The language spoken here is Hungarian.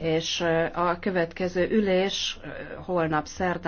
és a következő ülés holnap szerdán